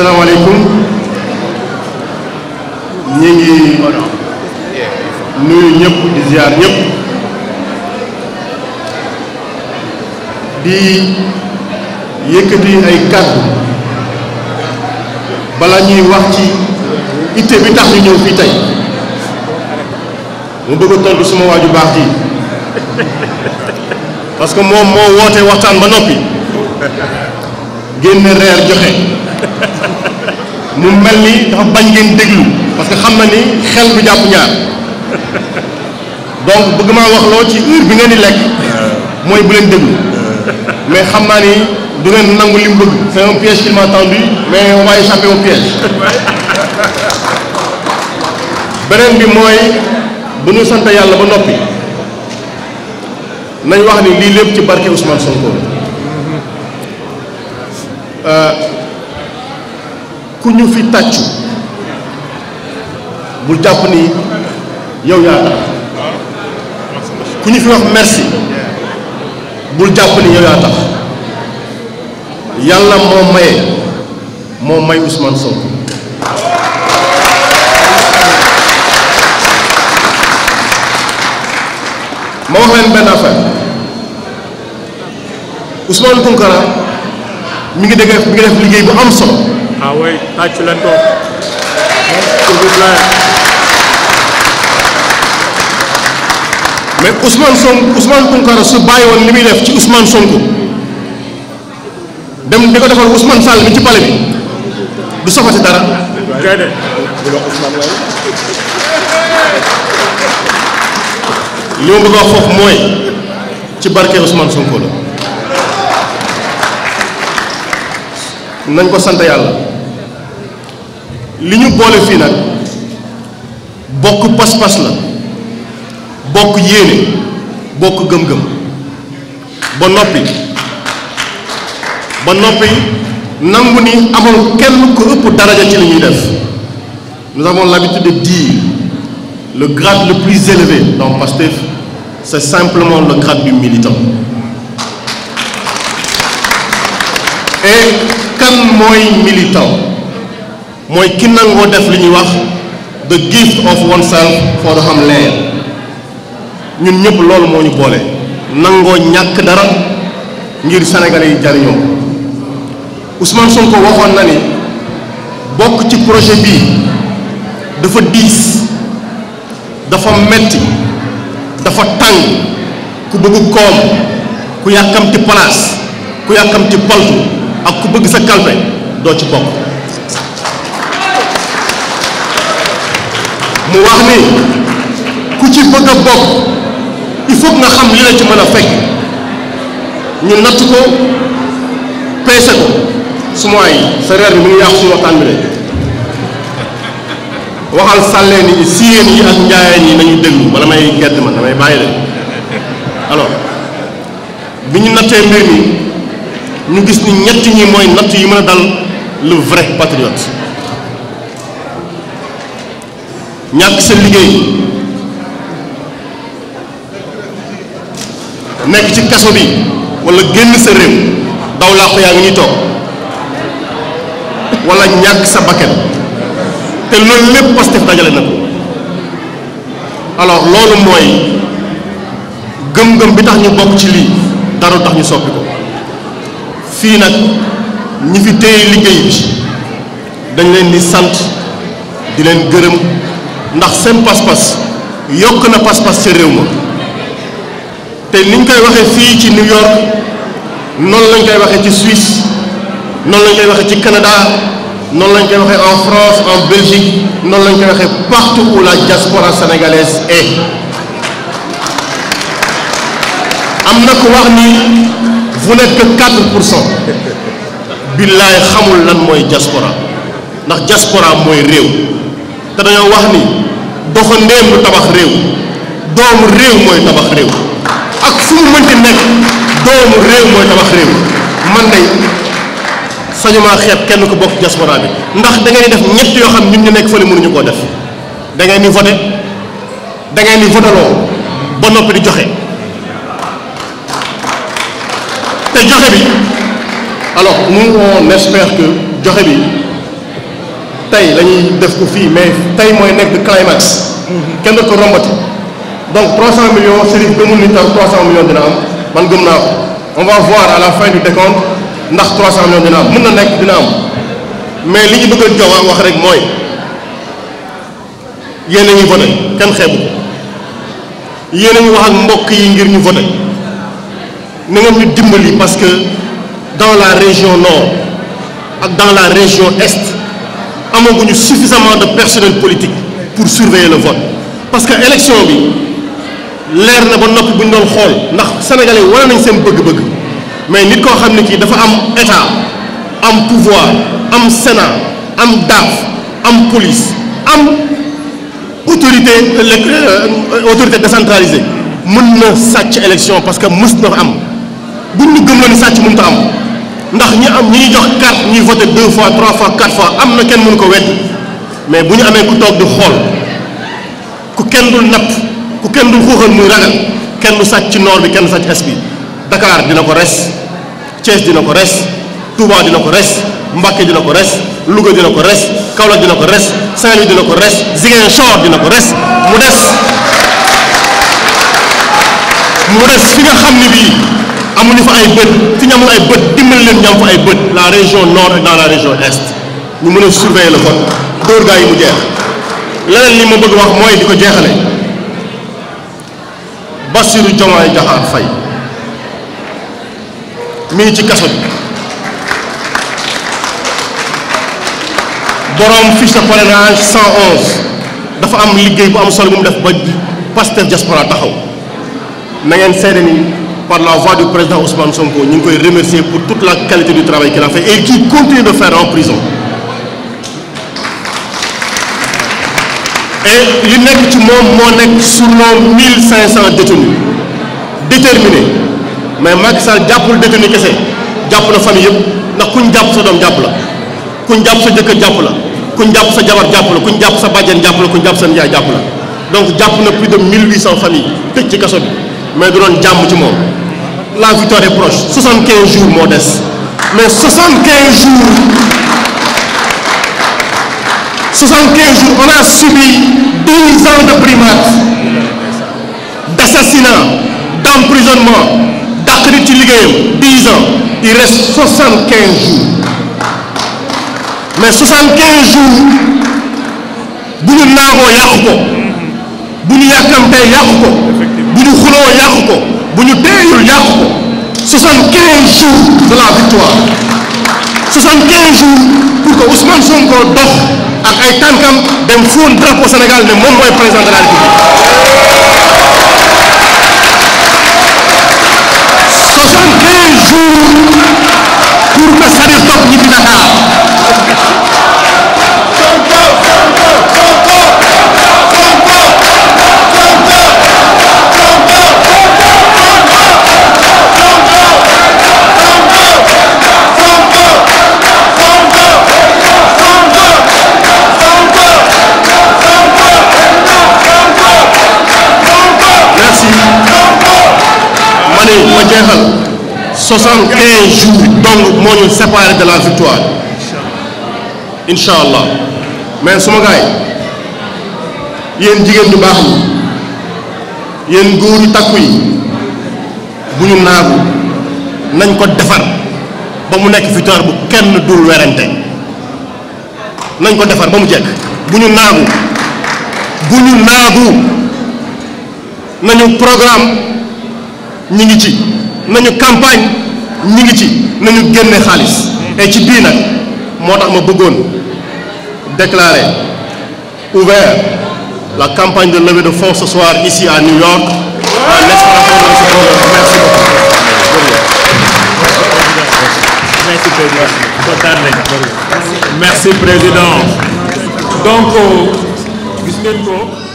asalaamaaleykum ñu ngi nuyu ñëpp di ziar ñëpp di yëkkati ay kàddu bala ñuy wax ci itte bi tax ñu ñëw fii tey mu bëgg a tontu suma waaju baax ji parce que moom moo woote waxtaan ba noppi. génn reer joxe mu mel ni dafa bañ ngeen déglu parce que xam na ni xel bu jàpp ñaar donc bëgg maa wax loo ci bi ngeen di lekk mooy bu leen déglu mais xam naa ni du ngeen nangu li mu bëgg. c'est un piège qui m'a tendu mais on va échapper piège beneen bi mooy bu ñu sant yàlla ba noppi nañ wax ni lii lépp ci barke Ousmane Sonko. ku ñu fi tàccu bul jàpp ni yow yaa tax ku ñu fi wax merci bul jàpp ni yow yaa tax yàlla moo maye moo may Ousmane Sonko ma wax leen benn affaire Ousmane Tounkara mi ngi def mu ngi def liggéey bu am solo. ah oui tàcc leen ko. mais Ousmane Sonko Ousmane Tounkara su bàyyi woon li muy def ci Ousmane Sonko dem di ko defal Ousmane Sall mi ci pale bi du soxati dara. li ma bëgg a mooy ci barke Ousmane Sonko nañ ko sant yàlla li ñu boole fii nag bokk pas-pas la bokk yéene bokk gëm-gëm ba noppi ba noppi nangu ni amul kenn ko ëpp daraja ci li ñuy def nous avons l'habitude de dire le grade le plus élevé dans Pastef c'est simplement le grade du militant et kan mooy militant mooy ki nangoo def li ñuy wax the gift of oneself for the homeland ñun ñëpp loolu moo ñu boole nangoo ñàkk dara ngir senegal yi jariñoo Ousmane Sonko waxoon na ni bokk ci projet bii dafa diis dafa metti dafa tàng ku bëgg koom ku yàkkamti palaas ku yàkkamti paltu ak ku bëgg sa kalpe doo ci bokk mu wax ni ku ci bëgg a bokk il faut nga xam li ci mën a fekk ñu natt ko peese ko su mooy sa reer bi mu ngi yàqu suñu waxtaan bi de waxal sàlleen yi siyeen yi ak njaayeen yi nañu déglu wala may gedd man damay bàyyi de alors bi ñu nattee mbir mi ñu gis ni ñett ñi mooy natt yi mën a dal le vrai patriote ñàkk sa liggéey nekk ci kaso bi wala génn sa réew daw laa ko yaa ngi ñuy toog wala ñàkk sa bakkan te loolu lépp Pastef dajale na ko alors loolu mooy gëm-gëm bi tax ñu bokk ci lii dara tax ñu soppi ko fii nag ñi fi téye liggéey bi dañ leen di sant di leen gërëm ndax seen pas-pas yokk na pas-pas ca réew ma te niñ koy waxee fii ci New York noonu lañ koy waxee ci Suisse noonu lañ koy waxee ci Canada noonu lañ koy waxee en France en Belgique noonu lañ koy waxee partout où la diaspora sénégalaise am na ku wax ni vous n'êtes que 4 pour cent billaay xamul lan mooy diaspora ndax diaspora mooy réew te dañoo wax ni doxandéem lu tabax réew doomu réew mooy tabax réew ak fu mu mënti nekk doomu réew mooy tabax réew man day sañuma xeeb kenn ko bokk diaspora bi ndax da ngeen def ñett yoo xam ñun ñu nekk fële mënuñu koo def da ngeen di voté da ngeen di votaloo ba noppi di joxe. te joxe bi alors nous on espère que joxe bi tey lañuy def ko fii mais tey mooy nekk de climax kenn da ko rombati donc 300 millions Chérif gëmul ni taw 300 millions dina am man gëm naa ko on va voir à la fin du décompte ndax 300 millions dina am mën na nekk dina am mais li ñu bëgg jox wax rek mooy yéen a ngi voté kenn xeebu ko yéen a ngi mbokk yi ngir ñu voté. ne ngeen ñu dimbali parce que dans la région nord ak dans la région est amaguñu suffisamment de personnel politique pour surveiller la vote parce que élection bi leer na ba nopp bu ñu doon xool ndax sénégalais wane nañ seen bëgg-bëgg mais nit koo xam ne kii dafa am état am pouvoir am sénat am daaf am police am autorité euh, autorité décentralisée mën na sàcc élection parce que mës na am. buñ ñu gëm la ni sàcc mënut am ndax ñi am ñi ñu jox carte ñuy voté deux fois trois fois quatre fois am na kenn mënu ko weddi mais bu ñu amee bu toog di xool ku kenn dul napp ku kenn dul xuuxal muy ragal kenn du sàcc ci noor bi kenn du sàcc est bi Dakar dina ko res Thiès dina ko res Touba dina ko res Mbacké dina ko res Louga dina ko res Kaolack dina ko res saint dina ko res Ziguinchor dina ko res mu des mu des fi nga xam ne bii. amuñu fa ay bët fi ñu amul ay bët dimbali leen ñu fa ay bët la région nord ak dans la région est ñu mën a surveiller la vote dóor gaa yi mu jeex leneen li ma bëgg wax mooy di ko jeexale Bassirou Diomaye Diakhar fay mi ci kaso bi borom fiche de parrainage 111 dafa am liggéey bu am solo bu def ba Pastef diaspora taxaw na ngeen seede par la voix du président Ousmane Sonko ñu ngi koy remercier pour toute la qualité du travail qu'il a fait et qu'il continue de faire en prison et li nekk ci moom moo nekk sur nos 1500 détenus déterminé mais Macky Sall jàppul détenu kese jàpp na famille yëpp ndax kuñ jàpp sa doom jàpp la kuñ jàpp sa jëkkër jàpp la kuñ jàpp sa jabar jàpp la kuñ jàpp sa jàpp la kuñ jàpp sa nijaay jàpp la donc jàpp na plus de 1800 familles tëj ci kaso bi mais du doon jàmm ci moom la victoire est proche 75 jours moo des mais 75 jours 75 jours on a subi 12 ans de primates d'assassinat d'emprisonnement dàq ci liggéeyam 10 ans il reste 75 jours mais 75 jours bu ñu naagoo yàqu ko. xeexee yàqu ko bu ñu xuloo yàqu ko bu ñu deeyul yàqu ko soixante de la victoire soixante-quinze jours pour que Ousmane Sonko dox ak ay tànkam dem fóon drapeau Sénégal ne moom mooy président de la République 75 jours donc moo ñu séparé de la victoire incha allah mais suma gars yi yéen jigéen ñu baax ñi yéen góor yu takku yi bu ñu naagu nañ ko defar ba mu nekk victoire bu kenn dul werante nañ ko defar ba mu jekk bu ñu naagu bu ñu naagu nañu programme ñi ngi ci. nañu campagne ñi ngi ci nañu génne xaalis et ci bii nag moo tax ma bëggoon déclarer ouvert la campagne de levée de fonds ce soir ici à New York en merci président euh,